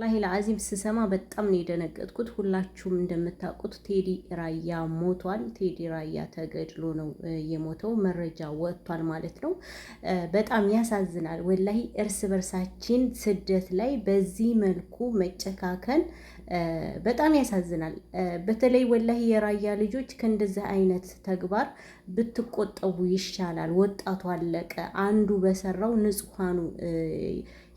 ወላሂ ለአዚም ስሰማ በጣም ነው የደነገጥኩት። ሁላችሁም እንደምታውቁት ቴዲ ራያ ሞቷል። ቴዲ ራያ ተገድሎ ነው የሞተው፣ መረጃ ወጥቷል ማለት ነው። በጣም ያሳዝናል። ወላሂ እርስ በርሳችን ስደት ላይ በዚህ መልኩ መጨካከን በጣም ያሳዝናል። በተለይ ወላሂ የራያ ልጆች ከእንደዚህ አይነት ተግባር ብትቆጠቡ ይሻላል። ወጣቱ አለቀ፣ አንዱ በሰራው ንጹሐኑ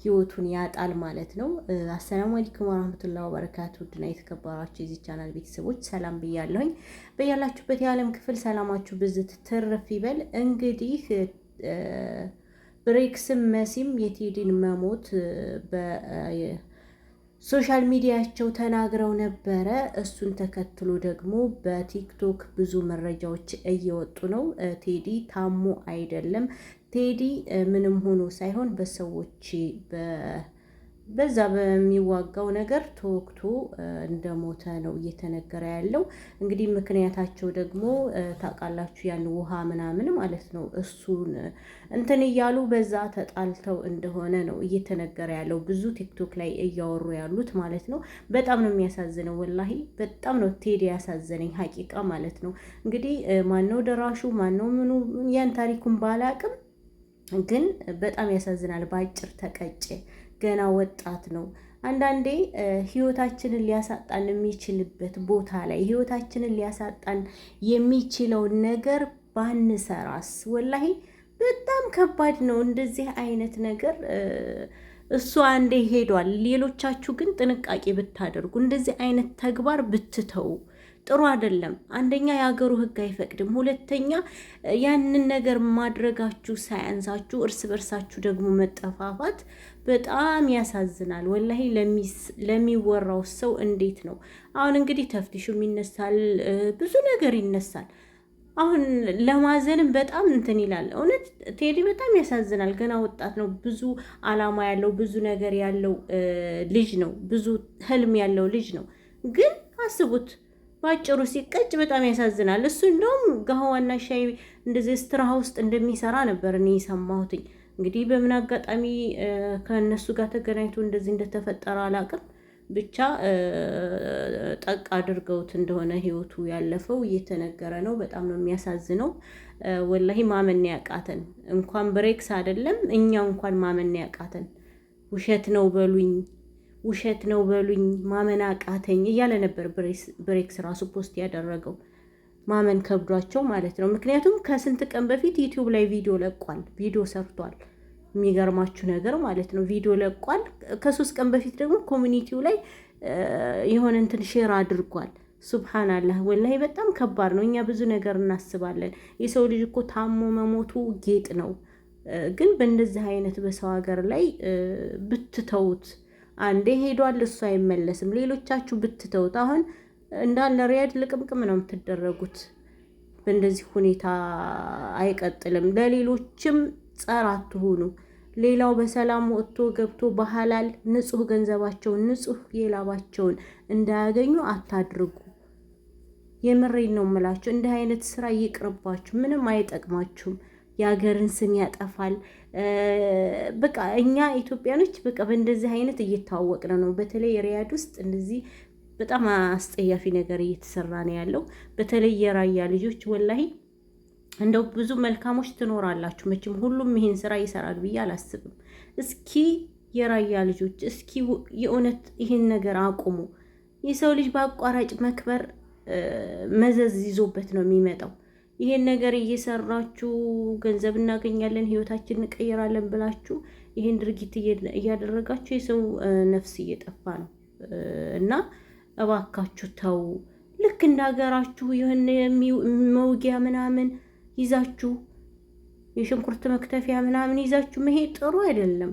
ህይወቱን ያጣል ማለት ነው። አሰላሙ አለይኩም ወራህመቱላ ወበረካቱ። ውድና የተከበራችሁ የዚህ ቻናል ቤተሰቦች ሰላም ብያለሁኝ። በያላችሁበት የዓለም ክፍል ሰላማችሁ ብዝት ትርፍ ይበል። እንግዲህ ብሬክስም መሲም የቴዲን መሞት ሶሻል ሚዲያቸው ተናግረው ነበረ። እሱን ተከትሎ ደግሞ በቲክቶክ ብዙ መረጃዎች እየወጡ ነው። ቴዲ ታሞ አይደለም። ቴዲ ምንም ሆኖ ሳይሆን በሰዎች በዛ በሚዋጋው ነገር ተወክቶ እንደሞተ ነው እየተነገረ ያለው። እንግዲህ ምክንያታቸው ደግሞ ታውቃላችሁ፣ ያን ውሃ ምናምን ማለት ነው እሱን እንትን እያሉ በዛ ተጣልተው እንደሆነ ነው እየተነገረ ያለው። ብዙ ቲክቶክ ላይ እያወሩ ያሉት ማለት ነው። በጣም ነው የሚያሳዝነው። ወላሂ በጣም ነው ቴዲ ያሳዘነኝ ሀቂቃ ማለት ነው። እንግዲህ ማነው ደራሹ ማነው ምኑ ያን ታሪኩን ባላቅም ግን በጣም ያሳዝናል። በአጭር ተቀጨ። ገና ወጣት ነው። አንዳንዴ ህይወታችንን ሊያሳጣን የሚችልበት ቦታ ላይ ህይወታችንን ሊያሳጣን የሚችለውን ነገር ባንሰራስ? ወላሂ በጣም ከባድ ነው እንደዚህ አይነት ነገር። እሱ አንዴ ሄዷል። ሌሎቻችሁ ግን ጥንቃቄ ብታደርጉ እንደዚህ አይነት ተግባር ብትተው ጥሩ አይደለም። አንደኛ የሀገሩ ህግ አይፈቅድም። ሁለተኛ ያንን ነገር ማድረጋችሁ ሳያንሳችሁ እርስ በርሳችሁ ደግሞ መጠፋፋት በጣም ያሳዝናል። ወላሂ ለሚወራው ሰው እንዴት ነው አሁን እንግዲህ ተፍትሹም ይነሳል፣ ብዙ ነገር ይነሳል። አሁን ለማዘንም በጣም እንትን ይላል። እውነት ቴዲ በጣም ያሳዝናል። ገና ወጣት ነው፣ ብዙ አላማ ያለው ብዙ ነገር ያለው ልጅ ነው፣ ብዙ ህልም ያለው ልጅ ነው። ግን አስቡት ባጭሩ ሲቀጭ በጣም ያሳዝናል። እሱ እንደውም ጋህዋና ሻይ እንደዚህ ስትራሃ ውስጥ እንደሚሰራ ነበር እኔ የሰማሁትኝ። እንግዲህ በምን አጋጣሚ ከእነሱ ጋር ተገናኝቶ እንደዚህ እንደተፈጠረ አላቅም። ብቻ ጠቅ አድርገውት እንደሆነ ህይወቱ ያለፈው እየተነገረ ነው። በጣም ነው የሚያሳዝነው። ወላሂ ማመን ያቃተን እንኳን ብሬክስ አይደለም እኛ እንኳን ማመን ያቃተን ውሸት ነው በሉኝ ውሸት ነው በሉኝ ማመን አቃተኝ እያለ ነበር ብሬክስ ራሱ ፖስት ያደረገው ማመን ከብዷቸው ማለት ነው። ምክንያቱም ከስንት ቀን በፊት ዩቲዩብ ላይ ቪዲዮ ለቋል፣ ቪዲዮ ሰርቷል። የሚገርማችሁ ነገር ማለት ነው ቪዲዮ ለቋል። ከሶስት ቀን በፊት ደግሞ ኮሚኒቲው ላይ የሆነ እንትን ሼር አድርጓል። ሱብሃናላህ ወላሂ በጣም ከባድ ነው። እኛ ብዙ ነገር እናስባለን። የሰው ልጅ እኮ ታሞ መሞቱ ጌጥ ነው። ግን በእንደዚህ አይነት በሰው ሀገር ላይ ብትተውት አንዴ ሄዷል፣ እሱ አይመለስም። ሌሎቻችሁ ብትተውት አሁን እንዳለ ሪያድ ልቅምቅም ነው የምትደረጉት። በእንደዚህ ሁኔታ አይቀጥልም። ለሌሎችም ጸር አትሆኑ። ሌላው በሰላም ወጥቶ ገብቶ በሐላል ንጹህ ገንዘባቸውን ንጹህ የላባቸውን እንዳያገኙ አታድርጉ። የምሬን ነው የምላችሁ። እንዲህ አይነት ስራ ይቅርባችሁ፣ ምንም አይጠቅማችሁም። የሀገርን ስም ያጠፋል። በቃ እኛ ኢትዮጵያኖች በቃ በእንደዚህ አይነት እየተዋወቅን ነው። በተለይ ሪያድ ውስጥ እንደዚህ በጣም አስጠያፊ ነገር እየተሰራ ነው ያለው። በተለይ የራያ ልጆች ወላሂ እንደው ብዙ መልካሞች ትኖራላችሁ። መቼም ሁሉም ይህን ስራ ይሰራል ብዬ አላስብም። እስኪ የራያ ልጆች እስኪ የእውነት ይህን ነገር አቁሙ። የሰው ልጅ በአቋራጭ መክበር መዘዝ ይዞበት ነው የሚመጣው። ይሄን ነገር እየሰራችሁ ገንዘብ እናገኛለን፣ ህይወታችን እንቀይራለን ብላችሁ ይሄን ድርጊት እያደረጋችሁ የሰው ነፍስ እየጠፋ ነው እና እባካችሁ ተው። ልክ እንደ ሀገራችሁ የሆነ መውጊያ ምናምን ይዛችሁ የሽንኩርት መክተፊያ ምናምን ይዛችሁ መሄድ ጥሩ አይደለም።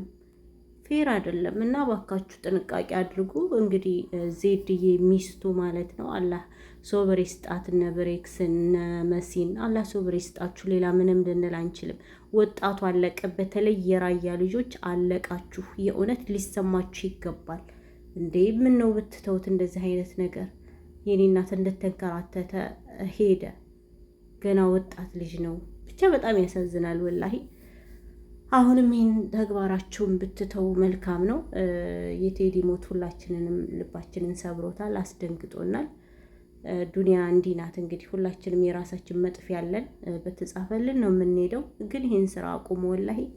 ፌር አይደለም እና ባካችሁ ጥንቃቄ አድርጉ። እንግዲህ ዜድዬ ሚስቱ ማለት ነው። አላህ ሶብር ይስጣት። እነ ብሬክስ እነ መሲን አላህ ሶብር ይስጣችሁ። ሌላ ምንም ልንል አንችልም። ወጣቱ አለቀ። በተለይ የራያ ልጆች አለቃችሁ። የእውነት ሊሰማችሁ ይገባል። እንዴ ምን ነው ብትተውት እንደዚህ አይነት ነገር። የኔ እናት እንደተንከራተተ ሄደ። ገና ወጣት ልጅ ነው። ብቻ በጣም ያሳዝናል ወላሂ። አሁንም ይህን ተግባራችሁን ብትተው መልካም ነው። የቴዲ ሞት ሁላችንንም ልባችንን ሰብሮታል፣ አስደንግጦናል። ዱኒያ እንዲህ ናት እንግዲህ ሁላችንም የራሳችን መጥፊያ ያለን፣ በተጻፈልን ነው የምንሄደው። ግን ይህን ስራ አቁሞ ወላሂ